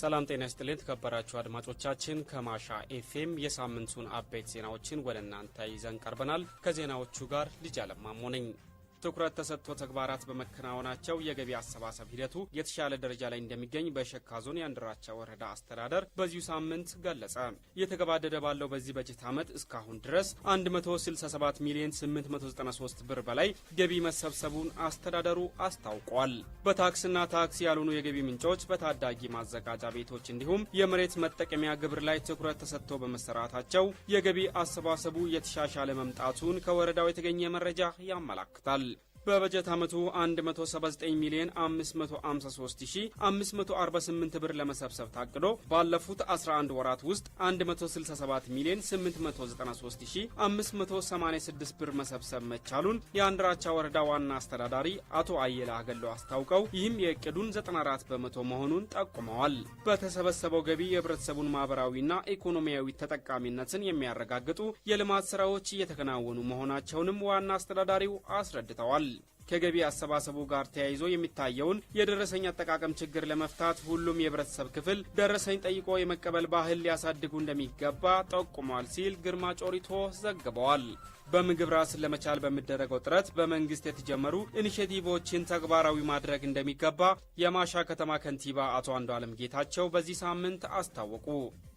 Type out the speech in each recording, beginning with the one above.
ሰላም ጤና ይስጥልን ተከበራችሁ አድማጮቻችን፣ ከማሻ ኤፍኤም የሳምንቱን አበይት ዜናዎችን ወደ እናንተ ይዘን ቀርበናል። ከዜናዎቹ ጋር ልጅ አለማሞ ነኝ። ትኩረት ተሰጥቶ ተግባራት በመከናወናቸው የገቢ አሰባሰብ ሂደቱ የተሻለ ደረጃ ላይ እንደሚገኝ በሸካ ዞን የአንድራቻ ወረዳ አስተዳደር በዚሁ ሳምንት ገለጸ። እየተገባደደ ባለው በዚህ በጀት ዓመት እስካሁን ድረስ 167 ሚሊዮን 893 ብር በላይ ገቢ መሰብሰቡን አስተዳደሩ አስታውቋል። በታክስና ታክስ ያልሆኑ የገቢ ምንጮች በታዳጊ ማዘጋጃ ቤቶች እንዲሁም የመሬት መጠቀሚያ ግብር ላይ ትኩረት ተሰጥቶ በመሰራታቸው የገቢ አሰባሰቡ የተሻሻለ መምጣቱን ከወረዳው የተገኘ መረጃ ያመላክታል። በበጀት ዓመቱ 179 ሚሊዮን 553548 ብር ለመሰብሰብ ታቅዶ ባለፉት 11 ወራት ውስጥ 167 ሚሊዮን 893586 ብር መሰብሰብ መቻሉን የአንድራቻ ወረዳ ዋና አስተዳዳሪ አቶ አየለ አገሎ አስታውቀው ይህም የእቅዱን 94 በመቶ መሆኑን ጠቁመዋል። በተሰበሰበው ገቢ የህብረተሰቡን ማህበራዊና ኢኮኖሚያዊ ተጠቃሚነትን የሚያረጋግጡ የልማት ስራዎች እየተከናወኑ መሆናቸውንም ዋና አስተዳዳሪው አስረድተዋል። ከገቢ አሰባሰቡ ጋር ተያይዞ የሚታየውን የደረሰኝ አጠቃቀም ችግር ለመፍታት ሁሉም የህብረተሰብ ክፍል ደረሰኝ ጠይቆ የመቀበል ባህል ሊያሳድጉ እንደሚገባ ጠቁሟል ሲል ግርማ ጮሪቶ ዘግበዋል። በምግብ ራስን ለመቻል በሚደረገው ጥረት በመንግስት የተጀመሩ ኢኒሽቲቮችን ተግባራዊ ማድረግ እንደሚገባ የማሻ ከተማ ከንቲባ አቶ አለም ጌታቸው በዚህ ሳምንት አስታወቁ።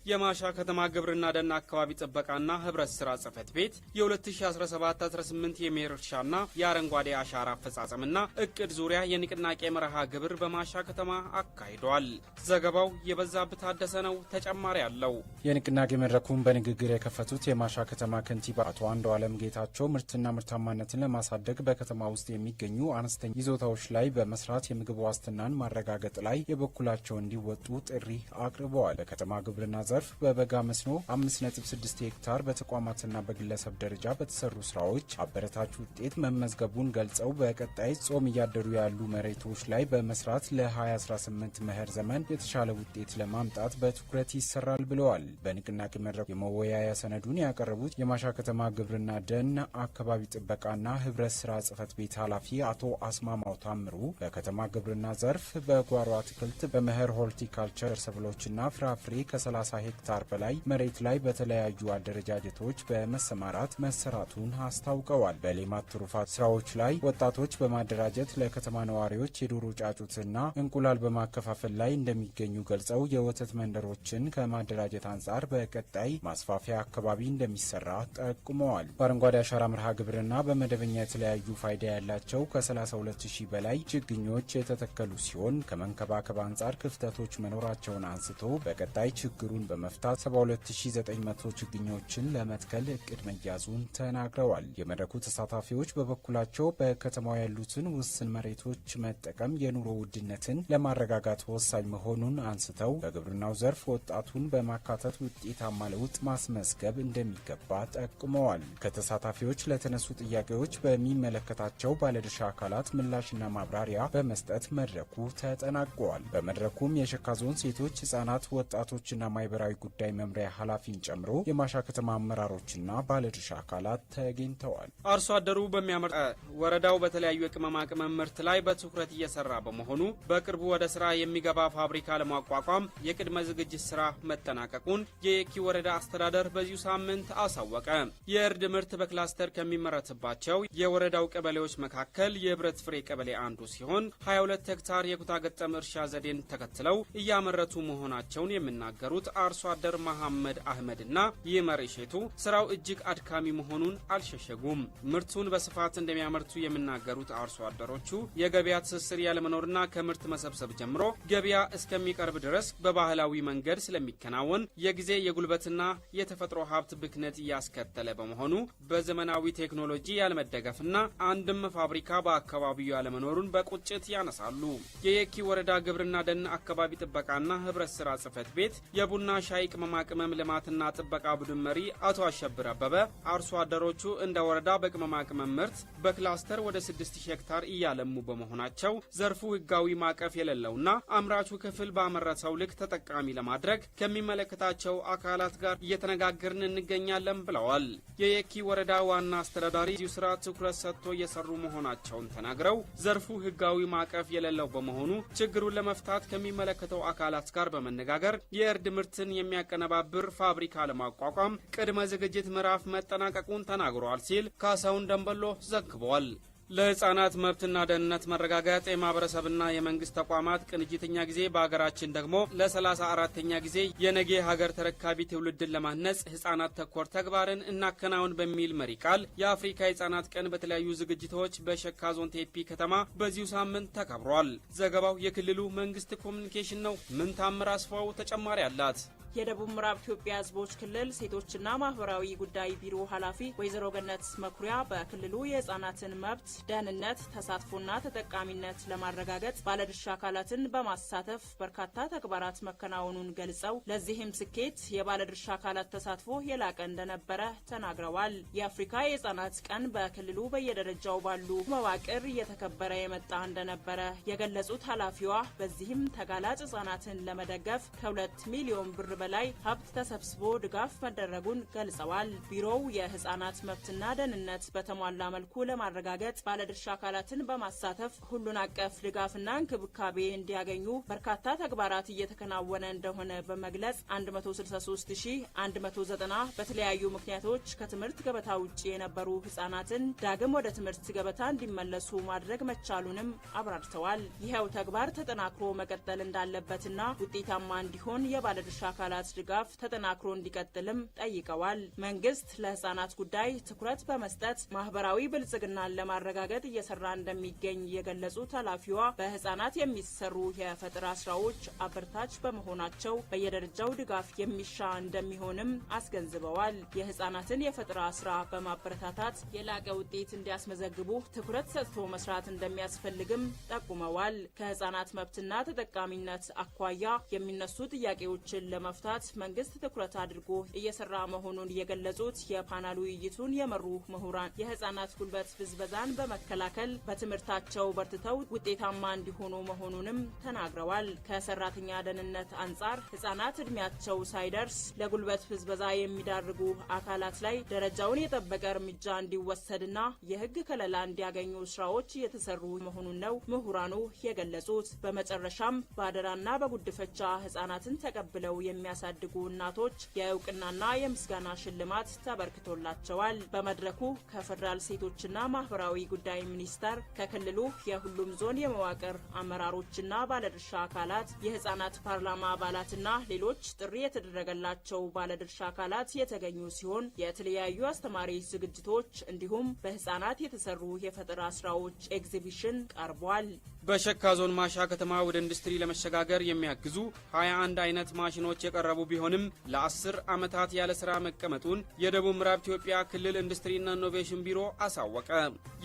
የማሻ ከተማ ግብርና ደን አካባቢ ጥበቃና ህብረት ስራ ጽህፈት ቤት የ2017/18 የሜር እርሻና የአረንጓዴ አሻራ አፈጻጸምና እቅድ ዙሪያ የንቅናቄ መርሃ ግብር በማሻ ከተማ አካሂዷል። ዘገባው የበዛብህ ታደሰ ነው። ተጨማሪ አለው። የንቅናቄ መድረኩን በንግግር የከፈቱት የማሻ ከተማ ከንቲባ አቶ አንዱ አለም ጌታቸው ምርትና ምርታማነትን ለማሳደግ በከተማ ውስጥ የሚገኙ አነስተኛ ይዞታዎች ላይ በመስራት የምግብ ዋስትናን ማረጋገጥ ላይ የበኩላቸው እንዲወጡ ጥሪ አቅርበዋል። በከተማ ግብርና ዘርፍ በበጋ መስኖ 5.6 ሄክታር በተቋማትና በግለሰብ ደረጃ በተሰሩ ስራዎች አበረታች ውጤት መመዝገቡን ገልጸው በቀጣይ ጾም እያደሩ ያሉ መሬቶች ላይ በመስራት ለ2018 መኸር ዘመን የተሻለ ውጤት ለማምጣት በትኩረት ይሰራል ብለዋል። በንቅናቄ መድረኩ የመወያያ ሰነዱን ያቀረቡት የማሻ ከተማ ግብርና ደን አካባቢ ጥበቃና ህብረት ስራ ጽህፈት ቤት ኃላፊ አቶ አስማማው ታምሩ በከተማ ግብርና ዘርፍ በጓሮ አትክልት በመኸር ሆርቲካልቸር ሰብሎችና ፍራፍሬ ከ30 ሄክታር በላይ መሬት ላይ በተለያዩ አደረጃጀቶች በመሰማራት መሰራቱን አስታውቀዋል። በሌማት ትሩፋት ስራዎች ላይ ወጣቶች በማደራጀት ለከተማ ነዋሪዎች የዶሮ ጫጩትና እንቁላል በማከፋፈል ላይ እንደሚገኙ ገልጸው የወተት መንደሮችን ከማደራጀት አንጻር በቀጣይ ማስፋፊያ አካባቢ እንደሚሰራ ጠቁመዋል። በአረንጓዴ አሻራ መርሃ ግብርና በመደበኛ የተለያዩ ፋይዳ ያላቸው ከ32000 በላይ ችግኞች የተተከሉ ሲሆን ከመንከባከብ አንጻር ክፍተቶች መኖራቸውን አንስቶ በቀጣይ ችግሩን በመፍታት 72900 ችግኞችን ለመትከል እቅድ መያዙን ተናግረዋል። የመድረኩ ተሳታፊዎች በበኩላቸው በከተማው ያሉትን ውስን መሬቶች መጠቀም የኑሮ ውድነትን ለማረጋጋት ወሳኝ መሆኑን አንስተው በግብርናው ዘርፍ ወጣቱን በማካተት ውጤታማ ለውጥ ማስመዝገብ እንደሚገባ ጠቁመዋል። ከተሳታፊዎች ለተነሱ ጥያቄዎች በሚመለከታቸው ባለድርሻ አካላት ምላሽና ማብራሪያ በመስጠት መድረኩ ተጠናቋል። በመድረኩም የሸካ ዞን ሴቶች፣ ህጻናት፣ ወጣቶችና ማይበራ ማህበራዊ ጉዳይ መምሪያ ኃላፊን ጨምሮ የማሻ ከተማ አመራሮችና ባለድርሻ አካላት ተገኝተዋል። አርሶ አደሩ በሚያመር ወረዳው በተለያዩ የቅመማ ቅመም ምርት ላይ በትኩረት እየሰራ በመሆኑ በቅርቡ ወደ ስራ የሚገባ ፋብሪካ ለማቋቋም የቅድመ ዝግጅት ስራ መጠናቀቁን የየኪ ወረዳ አስተዳደር በዚሁ ሳምንት አሳወቀ። የእርድ ምርት በክላስተር ከሚመረትባቸው የወረዳው ቀበሌዎች መካከል የህብረት ፍሬ ቀበሌ አንዱ ሲሆን 22 ሄክታር የኩታ ገጠም እርሻ ዘዴን ተከትለው እያመረቱ መሆናቸውን የሚናገሩት አርሶ አደር መሐመድ አህመድና ይመር ሼቱ ስራው እጅግ አድካሚ መሆኑን አልሸሸጉም። ምርቱን በስፋት እንደሚያመርቱ የሚናገሩት አርሶ አደሮቹ የገበያ ትስስር ያለመኖርና ከምርት መሰብሰብ ጀምሮ ገበያ እስከሚቀርብ ድረስ በባህላዊ መንገድ ስለሚከናወን የጊዜ የጉልበትና የተፈጥሮ ሀብት ብክነት እያስከተለ በመሆኑ በዘመናዊ ቴክኖሎጂ ያለመደገፍና አንድም ፋብሪካ በአካባቢው ያለመኖሩን በቁጭት ያነሳሉ። የየኪ ወረዳ ግብርና ደን አካባቢ ጥበቃና ህብረት ስራ ጽህፈት ቤት የቡና የሻይ ቅመማ ቅመም ልማትና ጥበቃ ቡድን መሪ አቶ አሸብር አበበ አርሶ አደሮቹ እንደ ወረዳ በቅመማ ቅመም ምርት በክላስተር ወደ 6000 ሄክታር እያለሙ በመሆናቸው ዘርፉ ሕጋዊ ማዕቀፍ የሌለውና አምራቹ ክፍል ባመረተው ልክ ተጠቃሚ ለማድረግ ከሚመለከታቸው አካላት ጋር እየተነጋገርን እንገኛለን ብለዋል። የየኪ ወረዳ ዋና አስተዳዳሪ እዚሁ ስራ ትኩረት ሰጥቶ እየሰሩ መሆናቸውን ተናግረው ዘርፉ ሕጋዊ ማዕቀፍ የሌለው በመሆኑ ችግሩን ለመፍታት ከሚመለከተው አካላት ጋር በመነጋገር የእርድ ምርትን ምርትን የሚያቀነባብር ፋብሪካ ለማቋቋም ቅድመ ዝግጅት ምዕራፍ መጠናቀቁን ተናግረዋል ሲል ካሳሁን ደንበሎ ዘግቧል። ለህፃናት መብትና ደህንነት መረጋገጥ የማህበረሰብና የመንግስት ተቋማት ቅንጅተኛ ጊዜ በሀገራችን ደግሞ ለሰላሳ አራተኛ ጊዜ የነገ ሀገር ተረካቢ ትውልድን ለማነጽ ህጻናት ተኮር ተግባርን እናከናውን በሚል መሪ ቃል የአፍሪካ የህጻናት ቀን በተለያዩ ዝግጅቶች በሸካ ዞን ቴፒ ከተማ በዚሁ ሳምንት ተከብሯል። ዘገባው የክልሉ መንግስት ኮሚኒኬሽን ነው። ምን ታምር አስፋው ተጨማሪ አላት። የደቡብ ምዕራብ ኢትዮጵያ ህዝቦች ክልል ሴቶችና ማህበራዊ ጉዳይ ቢሮ ኃላፊ ወይዘሮ ገነት መኩሪያ በክልሉ የህፃናትን መብት ደህንነት፣ ተሳትፎና ተጠቃሚነት ለማረጋገጥ ባለድርሻ አካላትን በማሳተፍ በርካታ ተግባራት መከናወኑን ገልጸው ለዚህም ስኬት የባለድርሻ አካላት ተሳትፎ የላቀ እንደነበረ ተናግረዋል። የአፍሪካ የህፃናት ቀን በክልሉ በየደረጃው ባሉ መዋቅር እየተከበረ የመጣ እንደነበረ የገለጹት ኃላፊዋ በዚህም ተጋላጭ ህጻናትን ለመደገፍ ከሁለት ሚሊዮን ብር በላይ ሀብት ተሰብስቦ ድጋፍ መደረጉን ገልጸዋል። ቢሮው የህጻናት መብትና ደህንነት በተሟላ መልኩ ለማረጋገጥ ባለድርሻ አካላትን በማሳተፍ ሁሉን አቀፍ ድጋፍና እንክብካቤ እንዲያገኙ በርካታ ተግባራት እየተከናወነ እንደሆነ በመግለጽ 163190 በተለያዩ ምክንያቶች ከትምህርት ገበታ ውጭ የነበሩ ህጻናትን ዳግም ወደ ትምህርት ገበታ እንዲመለሱ ማድረግ መቻሉንም አብራርተዋል። ይኸው ተግባር ተጠናክሮ መቀጠል እንዳለበትና ውጤታማ እንዲሆን የባለድርሻ አካላት አባላት ድጋፍ ተጠናክሮ እንዲቀጥልም ጠይቀዋል። መንግስት ለህጻናት ጉዳይ ትኩረት በመስጠት ማህበራዊ ብልጽግናን ለማረጋገጥ እየሰራ እንደሚገኝ የገለጹት ኃላፊዋ በህጻናት የሚሰሩ የፈጠራ ስራዎች አበርታች በመሆናቸው በየደረጃው ድጋፍ የሚሻ እንደሚሆንም አስገንዝበዋል። የህጻናትን የፈጠራ ስራ በማበረታታት የላቀ ውጤት እንዲያስመዘግቡ ትኩረት ሰጥቶ መስራት እንደሚያስፈልግም ጠቁመዋል። ከህጻናት መብትና ተጠቃሚነት አኳያ የሚነሱ ጥያቄዎችን ለመፍ ለመፍታት መንግስት ትኩረት አድርጎ እየሰራ መሆኑን የገለጹት የፓናል ውይይቱን የመሩ ምሁራን የህጻናት ጉልበት ብዝበዛን በመከላከል በትምህርታቸው በርትተው ውጤታማ እንዲሆኑ መሆኑንም ተናግረዋል። ከሰራተኛ ደህንነት አንጻር ህጻናት እድሜያቸው ሳይደርስ ለጉልበት ብዝበዛ የሚዳርጉ አካላት ላይ ደረጃውን የጠበቀ እርምጃ እንዲወሰድና የህግ ከለላ እንዲያገኙ ስራዎች እየተሰሩ መሆኑን ነው ምሁራኑ የገለጹት። በመጨረሻም በአደራና በጉድፈቻ ህጻናትን ተቀብለው የሚያ ለሚያሳድጉ እናቶች የእውቅናና የምስጋና ሽልማት ተበርክቶላቸዋል። በመድረኩ ከፌዴራል ሴቶችና ማህበራዊ ጉዳይ ሚኒስቴር ከክልሉ የሁሉም ዞን የመዋቅር አመራሮችና ባለድርሻ አካላት የህጻናት ፓርላማ አባላትና ሌሎች ጥሪ የተደረገላቸው ባለድርሻ አካላት የተገኙ ሲሆን የተለያዩ አስተማሪ ዝግጅቶች እንዲሁም በህጻናት የተሰሩ የፈጠራ ስራዎች ኤግዚቢሽን ቀርቧል። በሸካ ዞን ማሻ ከተማ ወደ ኢንዱስትሪ ለመሸጋገር የሚያግዙ 21 አይነት ማሽኖች የቀረቡ ቢሆንም ለ10 ዓመታት ያለ ሥራ መቀመጡን የደቡብ ምዕራብ ኢትዮጵያ ክልል ኢንዱስትሪና ኢኖቬሽን ቢሮ አሳወቀ።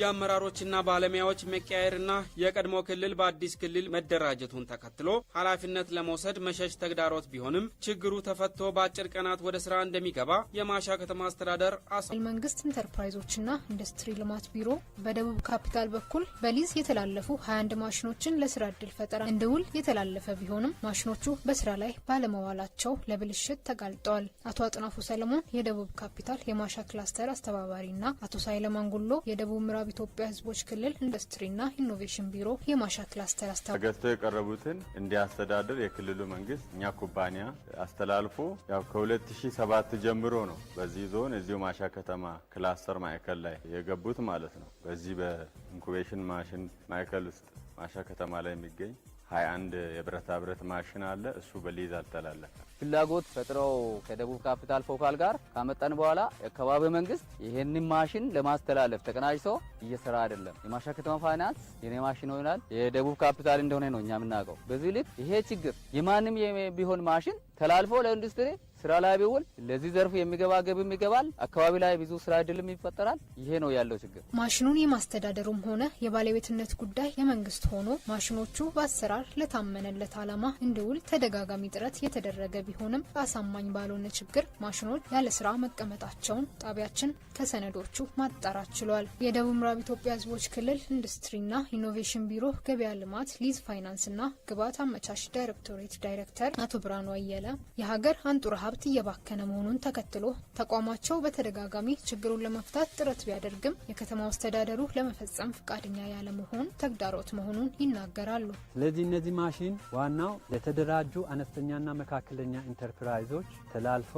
የአመራሮችና ባለሙያዎች መቀያየርና የቀድሞ ክልል በአዲስ ክልል መደራጀቱን ተከትሎ ኃላፊነት ለመውሰድ መሸሽ ተግዳሮት ቢሆንም ችግሩ ተፈቶ በአጭር ቀናት ወደ ሥራ እንደሚገባ የማሻ ከተማ አስተዳደር አሳ መንግስት ኢንተርፕራይዞችና ኢንዱስትሪ ልማት ቢሮ በደቡብ ካፒታል በኩል በሊዝ የተላለፉ 21 ማሽኖችን ለስራ እድል ፈጠራ እንዲውል የተላለፈ ቢሆንም ማሽኖቹ በስራ ላይ ባለመዋላቸው ለብልሽት ተጋልጠዋል። አቶ አጥናፉ ሰለሞን የደቡብ ካፒታል የማሻ ክላስተር አስተባባሪና አቶ ሳይለማንጉሎ የደቡብ ምዕራብ ኢትዮጵያ ህዝቦች ክልል ኢንዱስትሪና ኢኖቬሽን ቢሮ የማሻ ክላስተር አስተባ ገዝቶ የቀረቡትን እንዲያስተዳድር የክልሉ መንግስት እኛ ኩባንያ አስተላልፎ ያው ከ2007 ጀምሮ ነው በዚህ ዞን እዚሁ ማሻ ከተማ ክላስተር ማዕከል ላይ የገቡት ማለት ነው። በዚህ በኢንኩቤሽን ማሽን ማዕከል ውስጥ ማሻ ከተማ ላይ የሚገኝ 21 የብረታ ብረት ማሽን አለ። እሱ በሊዝ አልተላለፈ ፍላጎት ፈጥረው ከደቡብ ካፒታል ፎካል ጋር ካመጣን በኋላ የአካባቢ መንግስት ይህንን ማሽን ለማስተላለፍ ተቀናጅቶ እየሰራ አይደለም። የማሻ ከተማ ፋይናንስ የኔ ማሽን ይሆናል የደቡብ ካፒታል እንደሆነ ነው እኛ የምናውቀው። በዚህ ልክ ይሄ ችግር የማንም ቢሆን ማሽን ተላልፎ ለኢንዱስትሪ ስራ ላይ ቢውል ለዚህ ዘርፍ የሚገባ ገቢም ይገባል። አካባቢ ላይ ብዙ ስራ እድልም ይፈጠራል። ይሄ ነው ያለው ችግር። ማሽኑን የማስተዳደሩም ሆነ የባለቤትነት ጉዳይ የመንግስት ሆኖ ማሽኖቹ በአሰራር ለታመነለት ዓላማ እንዲውል ተደጋጋሚ ጥረት የተደረገ ቢሆንም አሳማኝ ባልሆነ ችግር ማሽኖች ያለ ስራ መቀመጣቸውን ጣቢያችን ከሰነዶቹ ማጣራት ችሏል። የደቡብ ምዕራብ ኢትዮጵያ ህዝቦች ክልል ኢንዱስትሪና ኢኖቬሽን ቢሮ ገበያ ልማት ሊዝ ፋይናንስና ግብዓት አመቻች ዳይሬክቶሬት ዳይሬክተር አቶ ብርሃኑ አየለ የሀገር አንጡራ ሀብት እየባከነ መሆኑን ተከትሎ ተቋማቸው በተደጋጋሚ ችግሩን ለመፍታት ጥረት ቢያደርግም የከተማው አስተዳደሩ ለመፈጸም ፈቃደኛ ያለመሆን ተግዳሮት መሆኑን ይናገራሉ። ስለዚህ እነዚህ ማሽን ዋናው ለተደራጁ አነስተኛና መካከለኛ ኢንተርፕራይዞች ተላልፎ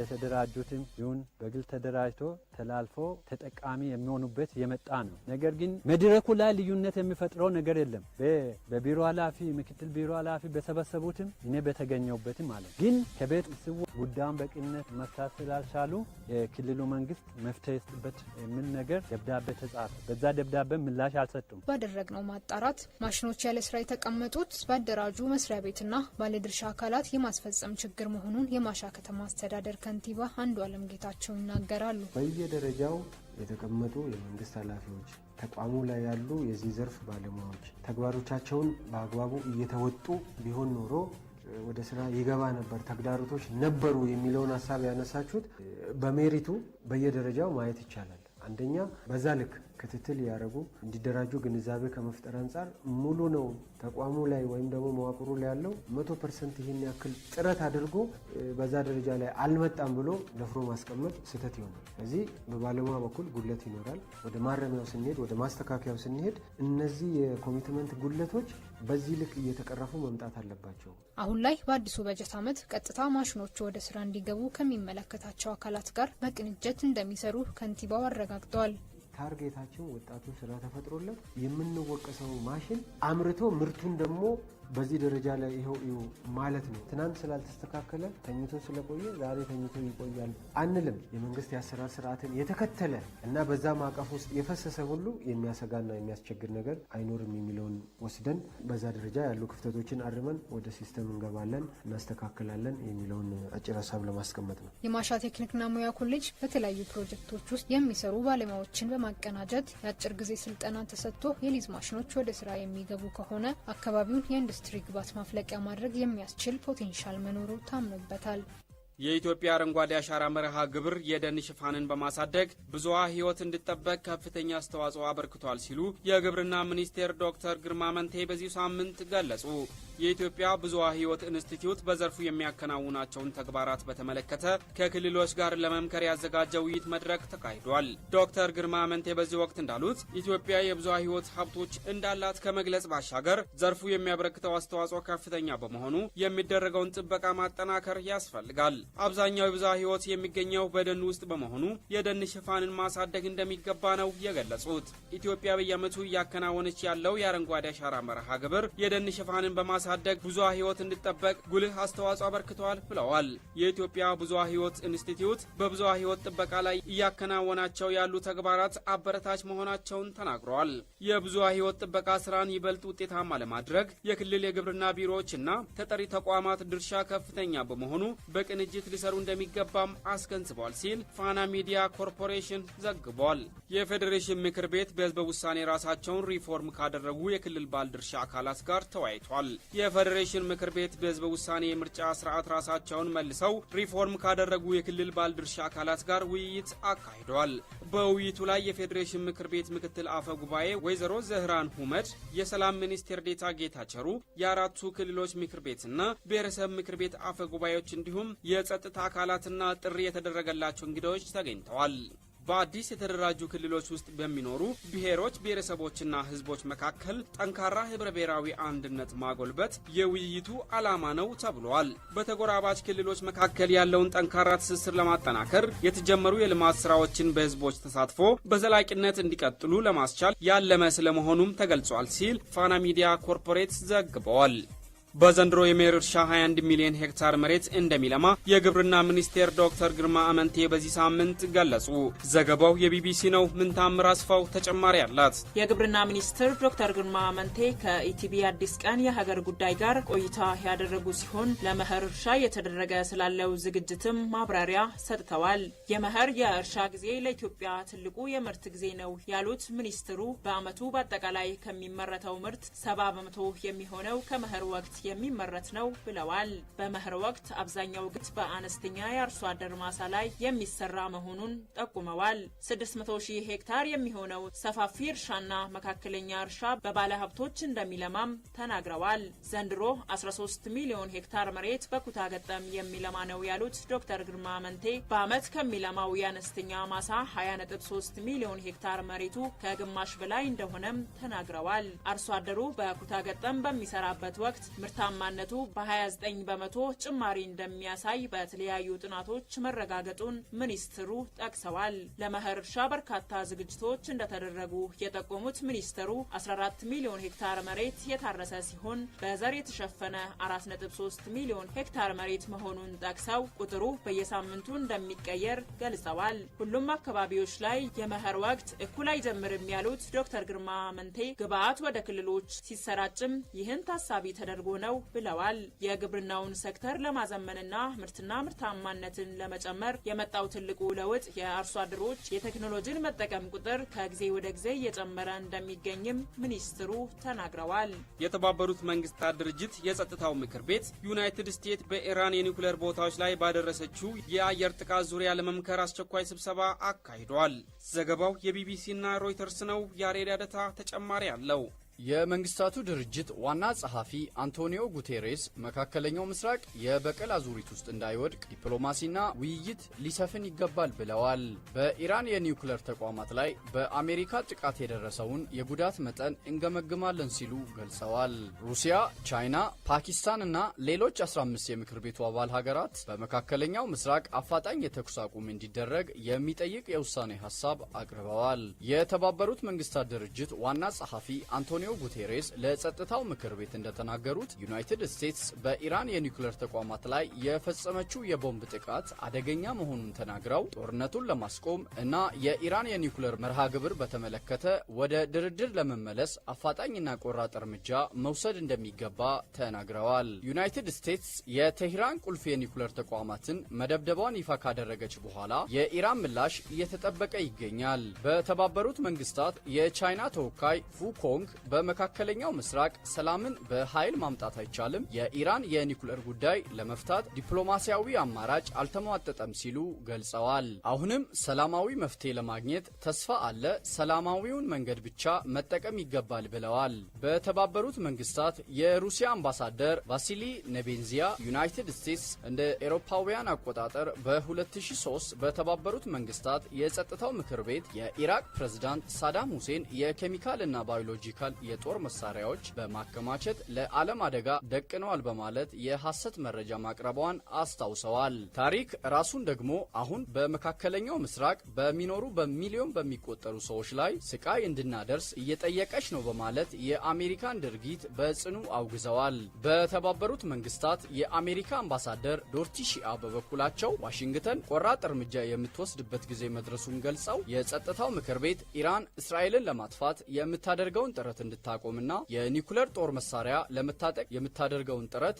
ለተደራጁትም ይሁን በግል ተደራጅቶ ተላልፎ ተጠቃሚ የሚሆኑበት የመጣ ነው። ነገር ግን መድረኩ ላይ ልዩነት የሚፈጥረው ነገር የለም። በቢሮ ኃላፊ ምክትል ቢሮ ኃላፊ በሰበሰቡትም እኔ በተገኘውበትም ማለት ግን ከቤት ስው ጉዳዩን በቅንነት መፍታት ስላልቻሉ የክልሉ መንግስት መፍትሄ ይስጥበት የሚል ነገር ደብዳቤ ተጻፈ። በዛ ደብዳቤ ምላሽ አልሰጡም። ባደረግነው ማጣራት ማሽኖች ያለ ስራ የተቀመጡት በአደራጁ መስሪያ ቤትና ባለድርሻ አካላት የማስፈጸም ችግር መሆኑን የማሻ ከተማ አስተዳደር ከንቲባ አንዱ አለም ጌታቸው ይናገራሉ። በየደረጃው የተቀመጡ የመንግስት ኃላፊዎች ተቋሙ ላይ ያሉ የዚህ ዘርፍ ባለሙያዎች ተግባሮቻቸውን በአግባቡ እየተወጡ ቢሆን ኖሮ ወደ ስራ ይገባ ነበር፣ ተግዳሮቶች ነበሩ የሚለውን ሀሳብ ያነሳችሁት በሜሪቱ በየደረጃው ማየት ይቻላል። አንደኛ በዛ ልክ ክትትል ያደረጉ እንዲደራጁ ግንዛቤ ከመፍጠር አንጻር ሙሉ ነው ተቋሙ ላይ ወይም ደግሞ መዋቅሩ ላይ ያለው መቶ ፐርሰንት ይህን ያክል ጥረት አድርጎ በዛ ደረጃ ላይ አልመጣም ብሎ ደፍሮ ማስቀመጥ ስህተት ይሆናል። ስለዚህ በባለሙያ በኩል ጉለት ይኖራል። ወደ ማረሚያው ስንሄድ፣ ወደ ማስተካከያው ስንሄድ እነዚህ የኮሚትመንት ጉለቶች በዚህ ልክ እየተቀረፉ መምጣት አለባቸው። አሁን ላይ በአዲሱ በጀት ዓመት ቀጥታ ማሽኖቹ ወደ ስራ እንዲገቡ ከሚመለከታቸው አካላት ጋር በቅንጀት እንደሚሰሩ ከንቲባው አረጋግጠዋል። ታርጌታችን ወጣቱን ስራ ተፈጥሮለት የምንወቀሰው ማሽን አምርቶ ምርቱን ደግሞ በዚህ ደረጃ ላይ ይኸው ማለት ነው። ትናንት ስላልተስተካከለ ተኝቶ ስለቆየ ዛሬ ተኝቶ ይቆያል አንልም። የመንግስት የአሰራር ስርዓትን የተከተለ እና በዛ ማዕቀፍ ውስጥ የፈሰሰ ሁሉ የሚያሰጋና የሚያስቸግር ነገር አይኖርም የሚለውን ወስደን በዛ ደረጃ ያሉ ክፍተቶችን አርመን ወደ ሲስተም እንገባለን፣ እናስተካክላለን የሚለውን አጭር ሀሳብ ለማስቀመጥ ነው። የማሻ ቴክኒክና ሙያ ኮሌጅ በተለያዩ ፕሮጀክቶች ውስጥ የሚሰሩ ባለሙያዎችን በማቀናጀት የአጭር ጊዜ ስልጠና ተሰጥቶ የሊዝ ማሽኖች ወደ ስራ የሚገቡ ከሆነ አካባቢውን የኢንዱስትሪ የኢንዱስትሪ ግብዓት ማፍለቂያ ማድረግ የሚያስችል ፖቴንሻል መኖሩ ታምኖበታል። የኢትዮጵያ አረንጓዴ አሻራ መርሃ ግብር የደን ሽፋንን በማሳደግ ብዙሃ ሕይወት እንዲጠበቅ ከፍተኛ አስተዋጽኦ አበርክቷል ሲሉ የግብርና ሚኒስቴር ዶክተር ግርማ መንቴ በዚሁ ሳምንት ገለጹ። የኢትዮጵያ ብዙሃ ሕይወት ኢንስቲትዩት በዘርፉ የሚያከናውናቸውን ተግባራት በተመለከተ ከክልሎች ጋር ለመምከር ያዘጋጀው ውይይት መድረክ ተካሂዷል። ዶክተር ግርማ አመንቴ በዚህ ወቅት እንዳሉት ኢትዮጵያ የብዙሃ ሕይወት ሀብቶች እንዳላት ከመግለጽ ባሻገር ዘርፉ የሚያበረክተው አስተዋጽኦ ከፍተኛ በመሆኑ የሚደረገውን ጥበቃ ማጠናከር ያስፈልጋል። አብዛኛው የብዙሃን ሕይወት የሚገኘው በደን ውስጥ በመሆኑ የደን ሽፋንን ማሳደግ እንደሚገባ ነው የገለጹት። ኢትዮጵያ በየዓመቱ እያከናወነች ያለው የአረንጓዴ አሻራ መርሃ ግብር የደን ሽፋንን በማሳ በማሳደግ ብዙሃ ሕይወት እንዲጠበቅ ጉልህ አስተዋጽኦ አበርክተዋል ብለዋል። የኢትዮጵያ ብዙሃ ሕይወት ኢንስቲትዩት በብዙሃ ሕይወት ጥበቃ ላይ እያከናወናቸው ያሉ ተግባራት አበረታች መሆናቸውን ተናግረዋል። የብዙሃ ሕይወት ጥበቃ ስራን ይበልጥ ውጤታማ ለማድረግ የክልል የግብርና ቢሮዎችና ተጠሪ ተቋማት ድርሻ ከፍተኛ በመሆኑ በቅንጅት ሊሰሩ እንደሚገባም አስገንዝቧል ሲል ፋና ሚዲያ ኮርፖሬሽን ዘግቧል። የፌዴሬሽን ምክር ቤት በህዝበ ውሳኔ ራሳቸውን ሪፎርም ካደረጉ የክልል ባለድርሻ አካላት ጋር ተወያይቷል። የፌዴሬሽን ምክር ቤት በህዝበ ውሳኔ የምርጫ ስርዓት ራሳቸውን መልሰው ሪፎርም ካደረጉ የክልል ባለድርሻ አካላት ጋር ውይይት አካሂደዋል። በውይይቱ ላይ የፌዴሬሽን ምክር ቤት ምክትል አፈ ጉባኤ ወይዘሮ ዘህራን ሁመድ፣ የሰላም ሚኒስቴር ዴታ ቸሩ፣ የአራቱ ክልሎች ምክር ቤትና ብሔረሰብ ምክር ቤት አፈ ጉባኤዎች እንዲሁም የጸጥታ አካላትና ጥሪ የተደረገላቸው እንግዳዎች ተገኝተዋል። በአዲስ የተደራጁ ክልሎች ውስጥ በሚኖሩ ብሔሮች ብሔረሰቦችና ህዝቦች መካከል ጠንካራ ህብረ ብሔራዊ አንድነት ማጎልበት የውይይቱ ዓላማ ነው ተብሏል። በተጎራባች ክልሎች መካከል ያለውን ጠንካራ ትስስር ለማጠናከር የተጀመሩ የልማት ስራዎችን በህዝቦች ተሳትፎ በዘላቂነት እንዲቀጥሉ ለማስቻል ያለመ ስለመሆኑም ተገልጿል ሲል ፋና ሚዲያ ኮርፖሬት ዘግበዋል። በዘንድሮ የመኸር እርሻ 21 ሚሊዮን ሄክታር መሬት እንደሚለማ የግብርና ሚኒስቴር ዶክተር ግርማ አመንቴ በዚህ ሳምንት ገለጹ። ዘገባው የቢቢሲ ነው። ምንታምር አስፋው ተጨማሪ አላት። የግብርና ሚኒስትር ዶክተር ግርማ አመንቴ ከኢቲቪ አዲስ ቀን የሀገር ጉዳይ ጋር ቆይታ ያደረጉ ሲሆን ለመኸር እርሻ የተደረገ ስላለው ዝግጅትም ማብራሪያ ሰጥተዋል። የመኸር የእርሻ ጊዜ ለኢትዮጵያ ትልቁ የምርት ጊዜ ነው ያሉት ሚኒስትሩ በአመቱ በአጠቃላይ ከሚመረተው ምርት ሰባ በመቶ የሚሆነው ከመኸር ወቅት የሚመረት ነው ብለዋል። በመኸር ወቅት አብዛኛው ግት በአነስተኛ የአርሶ አደር ማሳ ላይ የሚሰራ መሆኑን ጠቁመዋል። 600 ሺህ ሄክታር የሚሆነው ሰፋፊ እርሻና መካከለኛ እርሻ በባለ ሀብቶች እንደሚለማም ተናግረዋል። ዘንድሮ 13 ሚሊዮን ሄክታር መሬት በኩታ ገጠም የሚለማ ነው ያሉት ዶክተር ግርማ መንቴ በዓመት ከሚለማው የአነስተኛ ማሳ 23 ሚሊዮን ሄክታር መሬቱ ከግማሽ በላይ እንደሆነም ተናግረዋል። አርሶ አደሩ በኩታ ገጠም በሚሰራበት ወቅት ምርታማነቱ በ29 በመቶ ጭማሪ እንደሚያሳይ በተለያዩ ጥናቶች መረጋገጡን ሚኒስትሩ ጠቅሰዋል። ለመኸር እርሻ በርካታ ዝግጅቶች እንደተደረጉ የጠቆሙት ሚኒስትሩ 14 ሚሊዮን ሄክታር መሬት የታረሰ ሲሆን በዘር የተሸፈነ 4.3 ሚሊዮን ሄክታር መሬት መሆኑን ጠቅሰው ቁጥሩ በየሳምንቱ እንደሚቀየር ገልጸዋል። ሁሉም አካባቢዎች ላይ የመኸር ወቅት እኩል አይጀምርም ያሉት ዶክተር ግርማ መንቴ ግብዓት ወደ ክልሎች ሲሰራጭም ይህን ታሳቢ ተደርጎ ነው ብለዋል። የግብርናውን ሴክተር ለማዘመንና ምርትና ምርታማነትን ለመጨመር የመጣው ትልቁ ለውጥ የአርሶ አደሮች የቴክኖሎጂን መጠቀም ቁጥር ከጊዜ ወደ ጊዜ እየጨመረ እንደሚገኝም ሚኒስትሩ ተናግረዋል። የተባበሩት መንግስታት ድርጅት የጸጥታው ምክር ቤት ዩናይትድ ስቴትስ በኢራን የኒውክሌር ቦታዎች ላይ ባደረሰችው የአየር ጥቃት ዙሪያ ለመምከር አስቸኳይ ስብሰባ አካሂዷል። ዘገባው የቢቢሲና ሮይተርስ ነው። የአሬዳ ያደታ ተጨማሪ አለው። የመንግስታቱ ድርጅት ዋና ጸሐፊ አንቶኒዮ ጉቴሬስ መካከለኛው ምስራቅ የበቀል አዙሪት ውስጥ እንዳይወድቅ ዲፕሎማሲና ውይይት ሊሰፍን ይገባል ብለዋል። በኢራን የኒውክለር ተቋማት ላይ በአሜሪካ ጥቃት የደረሰውን የጉዳት መጠን እንገመግማለን ሲሉ ገልጸዋል። ሩሲያ፣ ቻይና፣ ፓኪስታን እና ሌሎች 15 የምክር ቤቱ አባል ሀገራት በመካከለኛው ምስራቅ አፋጣኝ የተኩስ አቁም እንዲደረግ የሚጠይቅ የውሳኔ ሀሳብ አቅርበዋል። የተባበሩት መንግስታት ድርጅት ዋና ጸሐፊ አንቶኒዮ አንቶኒዮ ጉቴሬስ ለጸጥታው ምክር ቤት እንደተናገሩት ዩናይትድ ስቴትስ በኢራን የኒውክሌር ተቋማት ላይ የፈጸመችው የቦምብ ጥቃት አደገኛ መሆኑን ተናግረው ጦርነቱን ለማስቆም እና የኢራን የኒውክሌር መርሃ ግብር በተመለከተ ወደ ድርድር ለመመለስ አፋጣኝና ቆራጥ እርምጃ መውሰድ እንደሚገባ ተናግረዋል። ዩናይትድ ስቴትስ የቴህራን ቁልፍ የኒውክሌር ተቋማትን መደብደቧን ይፋ ካደረገች በኋላ የኢራን ምላሽ እየተጠበቀ ይገኛል። በተባበሩት መንግስታት የቻይና ተወካይ ፉኮንግ በ በመካከለኛው ምስራቅ ሰላምን በኃይል ማምጣት አይቻልም፣ የኢራን የኒኩለር ጉዳይ ለመፍታት ዲፕሎማሲያዊ አማራጭ አልተሟጠጠም ሲሉ ገልጸዋል። አሁንም ሰላማዊ መፍትሄ ለማግኘት ተስፋ አለ፣ ሰላማዊውን መንገድ ብቻ መጠቀም ይገባል ብለዋል። በተባበሩት መንግስታት የሩሲያ አምባሳደር ቫሲሊ ኔቤንዚያ ዩናይትድ ስቴትስ እንደ ኤሮፓውያን አቆጣጠር በ2003 በተባበሩት መንግስታት የጸጥታው ምክር ቤት የኢራቅ ፕሬዝዳንት ሳዳም ሁሴን የኬሚካል እና ባዮሎጂካል የጦር መሳሪያዎች በማከማቸት ለዓለም አደጋ ደቅነዋል በማለት የሐሰት መረጃ ማቅረቧን አስታውሰዋል። ታሪክ ራሱን ደግሞ አሁን በመካከለኛው ምስራቅ በሚኖሩ በሚሊዮን በሚቆጠሩ ሰዎች ላይ ስቃይ እንድናደርስ እየጠየቀች ነው በማለት የአሜሪካን ድርጊት በጽኑ አውግዘዋል። በተባበሩት መንግስታት የአሜሪካ አምባሳደር ዶርቲ ሺአ በበኩላቸው ዋሽንግተን ቆራጥ እርምጃ የምትወስድበት ጊዜ መድረሱን ገልጸው የጸጥታው ምክር ቤት ኢራን እስራኤልን ለማጥፋት የምታደርገውን ጥረት እንድ እንድታቆምና የኒኩለር ጦር መሳሪያ ለመታጠቅ የምታደርገውን ጥረት